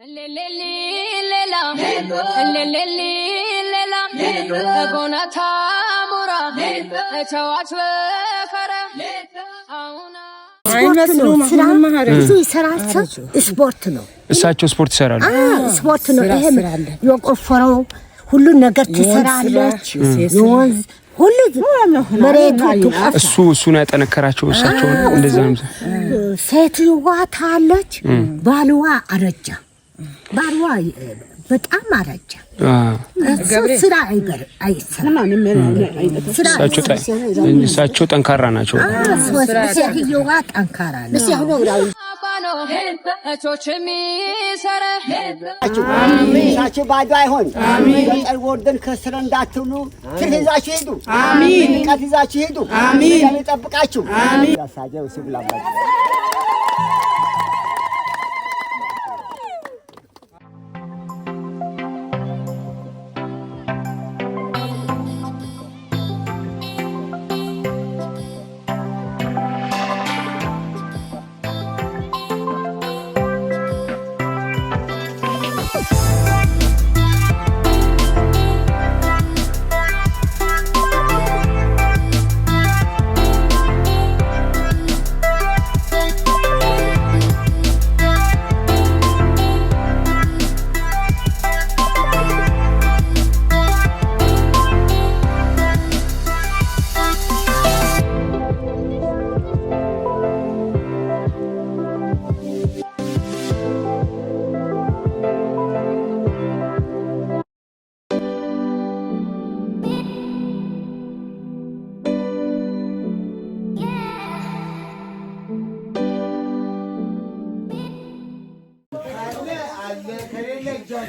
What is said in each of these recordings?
ብዙ የሰራቸው ስፖርት ነው። እሳቸው ስፖርት ይሰራሉ፣ ስፖርት ነው። ይሄም የቆፈረው ሁሉን ነገር ትሰራለች። የወንዝ ሁሉ መሬቱ እሱ ያጠነከራቸው እሳቸው እንደዛ ነው። ታለች፣ ባልዋ አረጃ ባሏ በጣም አረጃ። ስራ እሳቸው ጠንካራ ናቸው። ሴትየዋ ጠንካራ ናቸው። ባዶ አይሆን በቀኝ ወርደን ከስረ እንዳትሉ ስር ይዛችሁ ሄዱ። ቀት ይዛችሁ ሄዱ። ይጠብቃችሁ።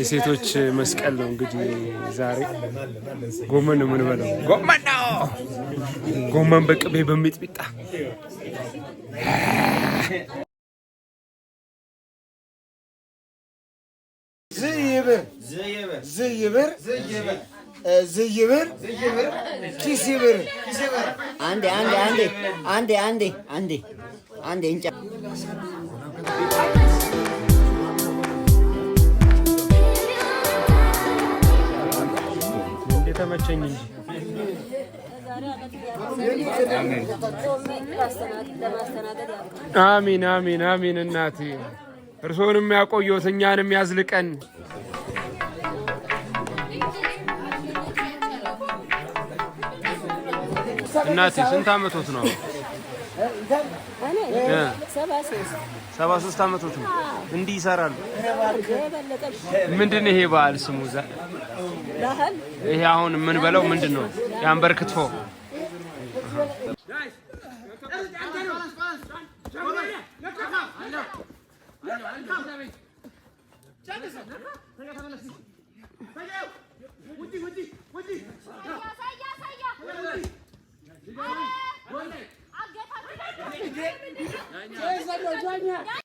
የሴቶች መስቀል ነው እንግዲህ ዛሬ ጎመን ነው የምንበለው። ጎመን ነው ጎመን በቅቤ በሚጥሚጣ ዝይብር ዝይብር ኪሲብር አንዴ አንዴ አንዴ አንዴ አንዴ አንዴ አንዴ እንጫ ተመቸኝ እንጂ አሚን አሚን አሚን። እናቴ እርሶንም ያቆየት እኛንም ያዝልቀን። እናቴ ስንት አመቶት ነው? ሰባ ሶስት አመቶት ነው። እንዲህ ይሰራሉ። ምንድን ነው ይሄ ባህል ስሙ? ይሄ አሁን ምን በለው ምንድን ነው የአንበር ክትፎ 娘你看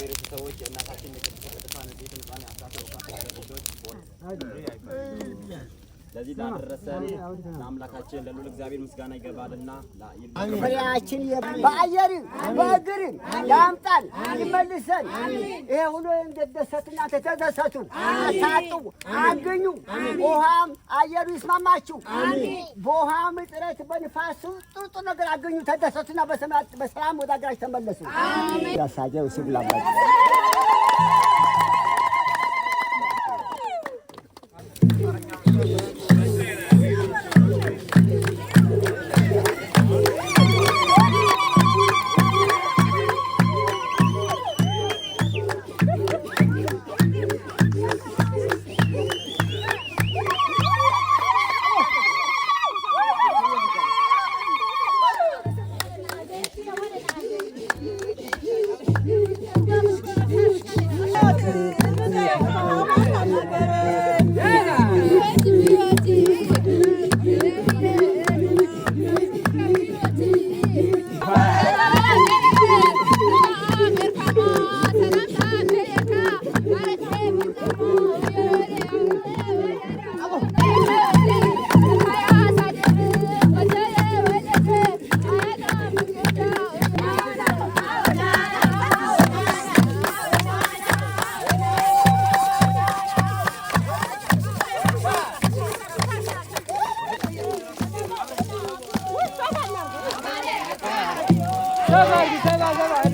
ቤተሰቦች የእናታችን ቅድስት ቅዱሳን ቤተ ንጻን ያሳሰሩባት ጉዳዮች ለዚህ ላደረሰን ለአምላካችን ለልዑል እግዚአብሔር ምስጋና ይገባልና ፍሬያችን በአየር በእግር ያምጣል ይመልሰን። ይሄ ሁሉ እንደደሰትና ተደሰቱ፣ ታጡ፣ አገኙ። ውሃም አየሩ ይስማማችሁ። በውሃም እጥረት በንፋሱ ጥርጡ ነገር አገኙ፣ ተደሰቱና በሰላም ወደ አገራችሁ ተመለሱ። ያሳጀው ስብላባ Sever, sever, sever.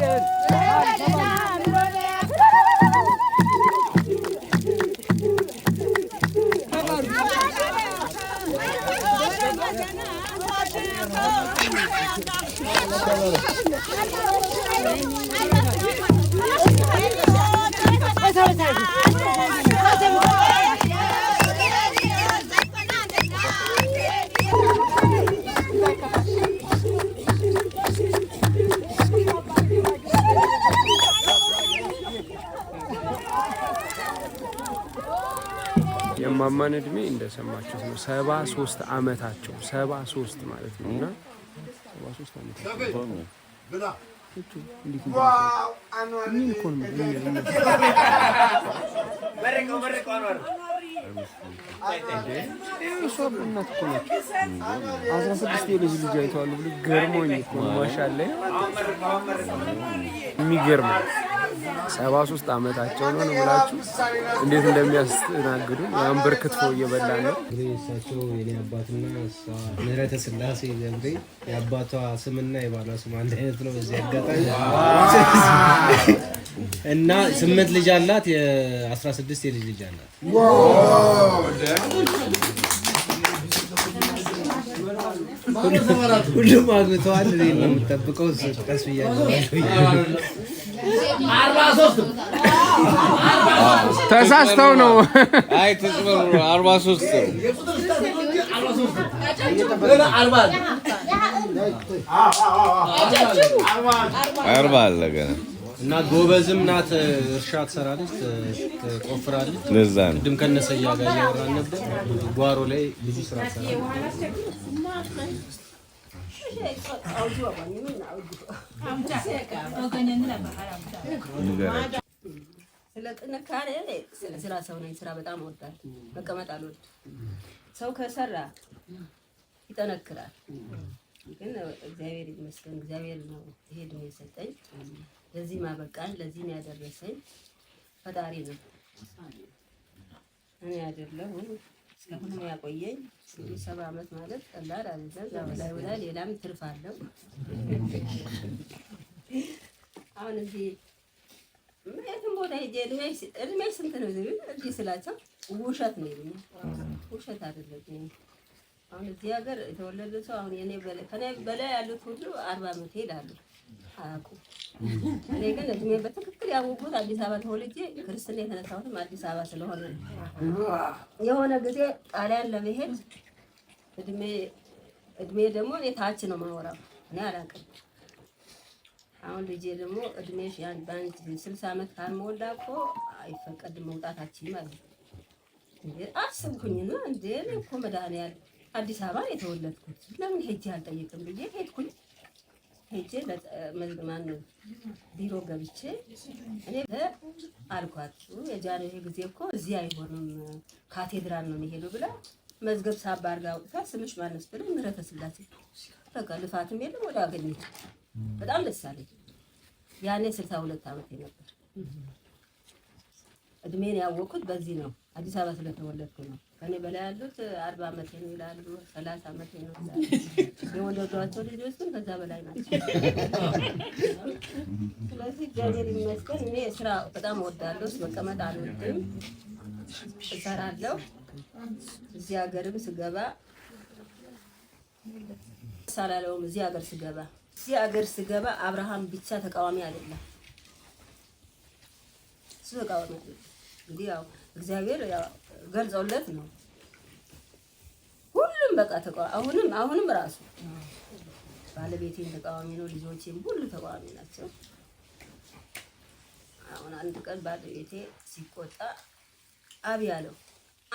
የማማን እድሜ እንደሰማችሁት ነው። ሰባ ሶስት አመታቸው ሰባ ሶስት ማለት ነው እና ሰባ ሶስት አመታቸው አስራ ስድስት የልጅ ልጅ አይተዋል ብሎ ገርሞኝ እኮ ማሻለኝ የሚገርም ሰባ ሶስት አመታቸው ነው ብላችሁ እንዴት እንደሚያስተናግዱ የአንበር ክትፎ እየበላ ነው። እንግዲህ እሳቸው የኔ አባትና ምህረተ ስላሴ ዘንዴ የአባቷ ስምና የባሏ ስም አንድ አይነት ነው። በዚህ አጋጣሚ እና ስምንት ልጅ አላት። የአስራ ስድስት የልጅ ልጅ አላት። ሁሉም አግብተዋል። እኔ ነው የምጠብቀው ቀስ ብያለሁ ተሳስተው ነው። አይ አርባ አለ ገና እና ጎበዝም ናት። እርሻ ትሰራለች፣ ትቆፍራለች። ለዛ ነው ከነሰያ ጋር እያወራን ነበር። ጓሮ ላይ ብዙ ስራ ትሰራለች። ስለ ጥንካሬ ስራ ሰው ነኝ። ስራ በጣም እወዳለሁ። መቀመጥ አልወድም። ሰው ከሰራ ይጠነክራል። ግን እግዚአብሔር ይመስገን፣ እግዚአብሔር ነው ይሄድ የሰጠኝ ለዚህ ማበቃኝ ለዚህም ያደረሰኝ ፈጣሪ ነው፣ እኔ አይደለሁም። እስካሁንም ያቆየኝ እንግዲህ ሰባ ዓመት ማለት ቀላል አይደለም። ላይ ወላ ሌላም ትርፍ አለው። አሁን እዚህ የትም ቦታ ሄጄ እድሜሽ ስንት ነው እዚህ ስላቸው ውሸት ነው ይሉኛል። ውሸት አይደለም። አሁን እዚህ ሀገር የተወለደ ሰው አሁን ከኔ በላይ ያሉት ሁሉ አርባ ዓመት ይሄዳሉ። አያውቁም። እኔ ግን እድሜ በትክክል ያወቅሁት አዲስ አበባ ተወልጄ ክርስትና የተነሳሁትም አዲስ አበባ ስለሆነ የሆነ ጊዜ ጣሊያን ለመሄድ እድሜ እድሜ ደግሞ እኔ ታች ነው ማወራው እኔ አላውቅም። አሁን ልጄ ደግሞ እድሜሽ ያን ባንድ ስልሳ ዓመት ካልሞላ እኮ አይፈቀድም መውጣታችን ማለት ነው። እንዴ አስብኩኝና እኮ መድኃኒዓለም አዲስ አበባ ነው የተወለድኩት ለምን ሄጄ አልጠየቅም ብዬ ሄድኩኝ። ሄጄ መዝግማን ቢሮ ገብቼ እኔ አልኳችሁ የጃንሆይ ጊዜ እኮ እዚህ አይሆንም ካቴድራል ነው የሚሄደው ብላ መዝገብ ሳባ አርጋ አውጥታ ስምሽ ማነስ ብለ ምህረተ ስላሴ በቃ ልፋትም የለም ወደ አገኘች። በጣም ደስ አለኝ። ያኔ ስልሳ ሁለት ዓመት ነበር። እድሜን ያወቅኩት በዚህ ነው፣ አዲስ አበባ ስለተወለድኩ ነው። ከኔ በላይ ያሉት አርባ አመት ነው ይላሉ፣ ሰላሳ አመት ነው ይላሉ። የወለዷቸው ልጆች ግን ከዛ በላይ ናቸው። ስለዚህ እግዚአብሔር ይመስገን እኔ ስራ በጣም ወዳለሁ፣ መቀመጥ አልወድም፣ እሰራለሁ። እዚህ ሀገርም ስገባ ሳላለውም እዚህ ሀገር ስገባ እዚህ ሀገር ስገባ አብርሃም ብቻ ተቃዋሚ አይደለም፣ እሱ ተቃዋሚ እንግዲህ ያው እግዚአብሔር ያው ገልጸውለት ነው ሁሉም በቃ ተቃዋሚ አሁንም አሁንም ራሱ ባለቤቴም ተቃዋሚ ነው፣ ልጆቼም ሁሉ ተቃዋሚ ናቸው። አሁን አንድ ቀን ባለቤቴ ሲቆጣ አብ ያለው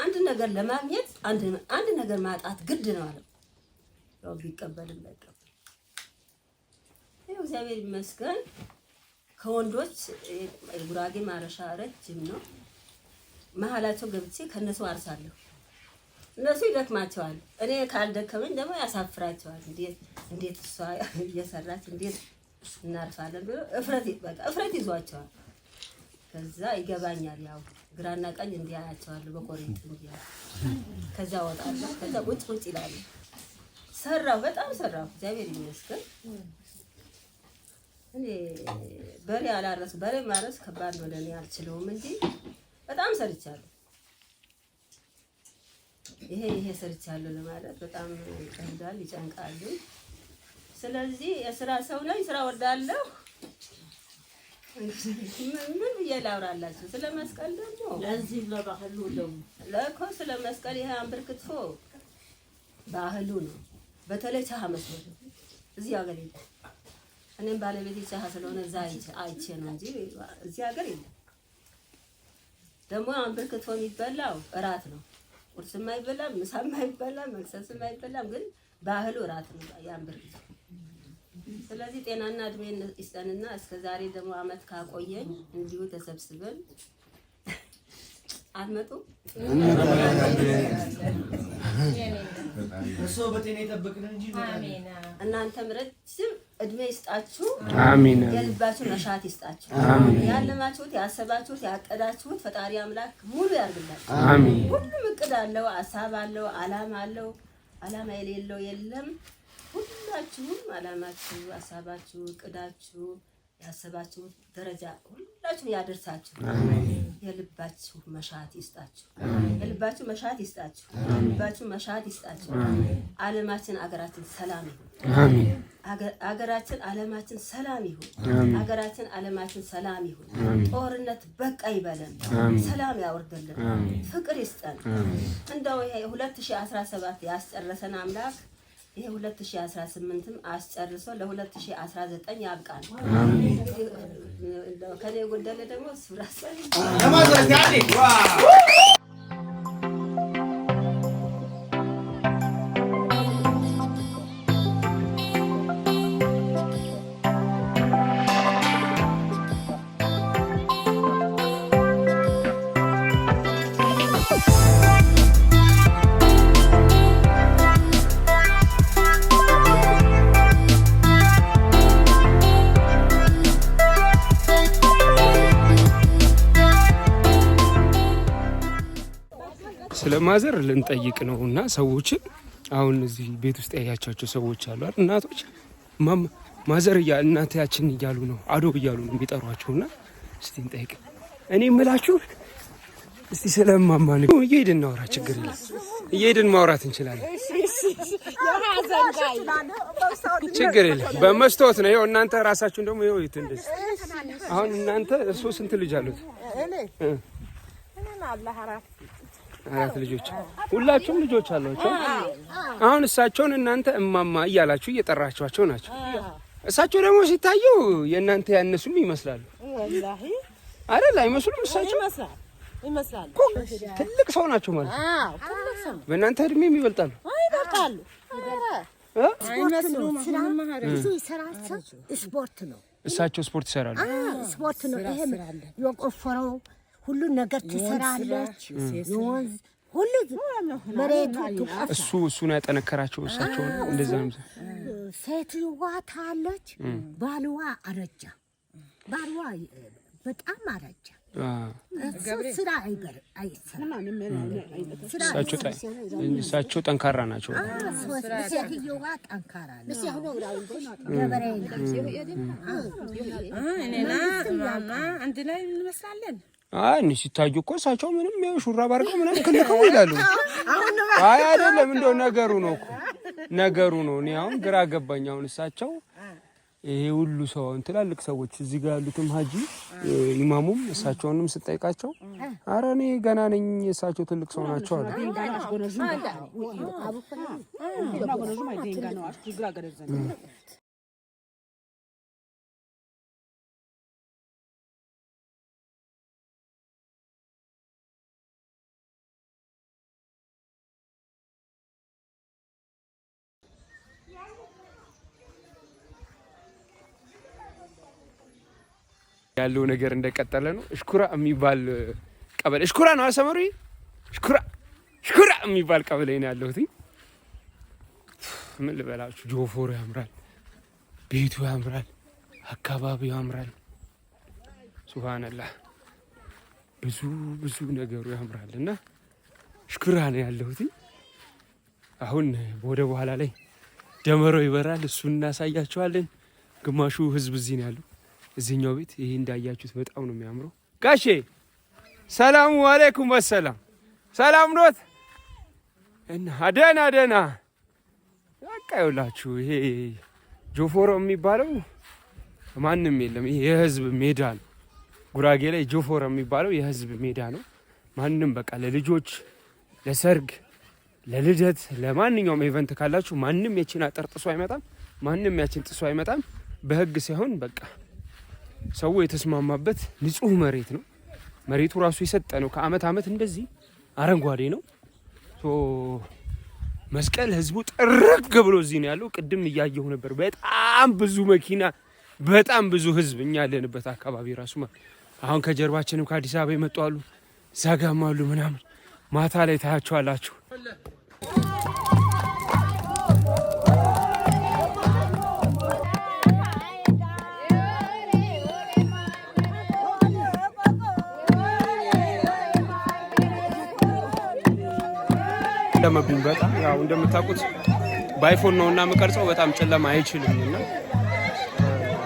አንድ ነገር ለማግኘት አንድ ነገር ማጣት ግድ ነው አለው። ያው ቢቀበልም በቀም እግዚአብሔር ይመስገን ከወንዶች ጉራጌ ማረሻ ረጅም ነው። መሀላቸው ገብቼ ከነሱ አርሳለሁ። እነሱ ይደክማቸዋል፣ እኔ ካልደከመኝ ደግሞ ያሳፍራቸዋል። እንዴት እንዴት እሷ እየሰራች እንዴት እናርፋለን ብሎ እፍረት በቃ እፍረት ይዟቸዋል። ከዛ ይገባኛል፣ ያው ግራና ቀኝ እንዲያያቸዋል በኮሬት እንዲያ ከዛ ወጣለሁ፣ ከዛ ቁጭ ቁጭ ይላሉ። ሰራሁ፣ በጣም ሰራሁ፣ እግዚአብሔር ይመስገን። እኔ በሬ አላረስ በሬ ማረስ ከባድ ነው ለእኔ አልችለውም እንጂ በጣም ሰርቻለሁ። ይሄ ይሄ ሰርቻለሁ ለማለት በጣም ይጨንቃል ይጨንቃሉ። ስለዚህ የስራ ሰው ነኝ፣ ስራ ወዳለሁ። ምን ብዬ ላውራላችሁ? ስለ መስቀል ደግሞ ለዚህ ለባህሉ ደግሞ ለኮ ስለ መስቀል ይሄ አንብር ክትፎ ባህሉ ነው። በተለይ ቻሃ መስሎ እዚህ ሀገር የለም። እኔም ባለቤቴ ቻሃ ስለሆነ እዛ አይቼ ነው እንጂ እዚህ ሀገር የለም። ደግሞ አንብርክቶ የሚበላው እራት ነው። ቁርስ የማይበላም ምሳም የማይበላም መክሰስም የማይበላም ግን ባህሉ እራት ነው የአንበርክቶ። ስለዚህ ጤናና እድሜ ይስጠንና እስከ ዛሬ ደግሞ አመት ካቆየኝ እንዲሁ ተሰብስበን አትመጡ እሱ በጤና እንጂ እናንተም ረጅም እድሜ ይስጣችሁ። አሜን። የልባችሁ መሻት ይስጣችሁ። አሜን። ያለማችሁት፣ ያሰባችሁት፣ ያቀዳችሁት ፈጣሪ አምላክ ሙሉ ያርግላችሁ። አሜን። ሁሉም እቅድ አለው፣ አሳብ አለው፣ አላማ አለው። አላማ የሌለው የለም። ሁላችሁም አላማችሁ፣ አሳባችሁ እቅዳችሁ ያሰባችሁ ደረጃ ሁላችሁ ያደርሳችሁ። የልባችሁ መሻት ይስጣችሁ። የልባችሁ መሻት ይስጣችሁ። የልባችሁ መሻት ይስጣችሁ። ዓለማችን አገራችን ሰላም ይሁን። አገራችን ዓለማችን ሰላም ይሁን። አገራችን ዓለማችን ሰላም ይሁን። ጦርነት በቃ ይበለን፣ ሰላም ያወርድልን፣ ፍቅር ይስጠን። እንደው ይሄ 2017 ያስጨረሰን አምላክ ይሄ 2018ም አስጨርሶ ለ2019 ያብቃል። ከኔ የጎደለ ደግሞ ሱራ ማዘር ልንጠይቅ ነው እና ሰዎችን አሁን እዚህ ቤት ውስጥ ያያቻቸው ሰዎች አሉ አይደል? እናቶች ማዘር እያ እናታችን እያሉ ነው አዶ እያሉ ነው የሚጠሯቸው። የሚጠሯቸውና እስቲ እንጠይቅ። እኔ የምላችሁ እስቲ ስለማማን እየሄድን እናውራ፣ ችግር የለም እየሄድን ማውራት እንችላለን፣ ችግር የለም። በመስታወት ነው ይኸው። እናንተ ራሳችሁን ደግሞ ይኸው ይት እንደዚህ አሁን እናንተ እርሶ ስንት ልጅ አሉት? አራት ልጆች ሁላችሁም ልጆች አሏቸው። አሁን እሳቸውን እናንተ እማማ እያላችሁ እየጠራችኋቸው ናቸው። እሳቸው ደግሞ ሲታዩ የእናንተ ያነሱም ይመስላሉ አይደል? አይመስሉም? እሳቸው ትልቅ ሰው ናቸው ማለት ነው። በእናንተ እድሜም ይበልጣሉ። ስፖርት ነው። እሳቸው ስፖርት ይሰራሉ። ስፖርት ነው። ይሄም የቆፈረው ሁሉን ነገር ትሰራለች። የወንዝ ሁሉ መሬቱ እሱ እሱ እሱን ያጠነከራቸው እሳቸው እንደዛ ነው። ሴትዮዋ ታለች፣ ባልዋ አረጃ፣ ባልዋ በጣም አረጃ። ስራ እሳቸው ጠንካራ ናቸው። ማማ አንድ ላይ እንመስላለን። አይ ሲታዩ እኮ እሳቸው ምንም ሹራብ አድርገው ምንም ክልከው ይላሉ። አይ አይደለም፣ እንደው ነገሩ ነው እኮ ነገሩ ነው። እኔ አሁን ግራ ገባኝ። አሁን እሳቸው ይሄ ሁሉ ሰው ትላልቅ ሰዎች እዚህ ጋር ያሉትም ሀጂ ኢማሙም እሳቸውንም ስጠይቃቸው አረ እኔ ገና ነኝ እሳቸው ትልቅ ሰው ናቸው አለ። ያለው ነገር እንደቀጠለ ነው። እሽኩራ የሚባል ቀበሌ እሽኩራ ነው አሰመሩ እሽኩራ እሽኩራ የሚባል ቀበሌ ነው ያለሁት። ምን ልበላችሁ፣ ጆፎሩ ያምራል፣ ቤቱ ያምራል፣ አካባቢው ያምራል። ሱብሃነላህ ብዙ ብዙ ነገሩ ያምራል እና እሽኩራ ነው ያለሁት። አሁን ወደ በኋላ ላይ ደመራው ይበራል። እሱን እናሳያችኋለን። ግማሹ ህዝብ እዚህ ነው ያለው፣ እዚህኛው ቤት። ይሄ እንዳያችሁት በጣም ነው የሚያምረው። ጋሼ ሰላሙ አለይኩም ወሰላም። ሰላም ኖት እና ደህና ደህና። በቃ ይውላችሁ ይሄ ጆፎሮ የሚባለው ማንም የለም። ይሄ የህዝብ ሜዳ ነው። ጉራጌ ላይ ጆፎሮ የሚባለው የህዝብ ሜዳ ነው። ማንም በቃ ለልጆች ለሰርግ ለልደት ለማንኛውም ኢቨንት ካላችሁ ማንም የቺን አጥር ጥሶ አይመጣም። ማንም ያችን ጥሶ አይመጣም። በህግ ሳይሆን በቃ ሰው የተስማማበት ንጹህ መሬት ነው። መሬቱ ራሱ የሰጠ ነው። ከአመት አመት እንደዚህ አረንጓዴ ነው። መስቀል ህዝቡ ጥርግ ብሎ እዚህ ነው ያለው። ቅድም እያየሁ ነበር። በጣም ብዙ መኪና፣ በጣም ብዙ ህዝብ እኛ ያለንበት አካባቢ ራሱ አሁን ከጀርባችንም ከአዲስ አበባ ይመጡ አሉ፣ ዛጋም አሉ ምናምን ማታ ላይ ታያቸዋላችሁ። ጨለመብኝ በጣም ያው እንደምታውቁት ባይፎን ነው እና የምቀርጸው በጣም ጨለማ አይችልም እና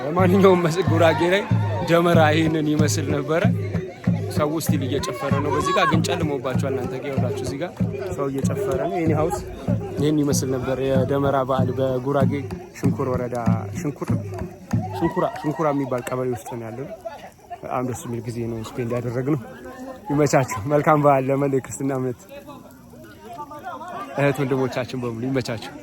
ለማንኛውም መስክ ጉራጌ ላይ ጀመራ ይህንን ይመስል ነበረ። ሰው ስቲል እየጨፈረ ነው። በዚህ ጋር ግን ጨልሞባቸዋል። እናንተ ጋር ይኸውላችሁ፣ እዚህ ጋር ሰው እየጨፈረ ነው። የኔ ሀውስ ይህን ይመስል ነበር የደመራ በዓል በጉራጌ ሽንኩር ወረዳ ሽንኩር ሽንኩራ ሽንኩራ የሚባል ቀበሌ ውስጥ ነው ያለው። በጣም ደስ የሚል ጊዜ ነው ስፔንድ ያደረግነው። ይመቻችሁ። መልካም በዓል ለመላ የክርስትና እምነት እህት ወንድሞቻችን በሙሉ ይመቻቸው።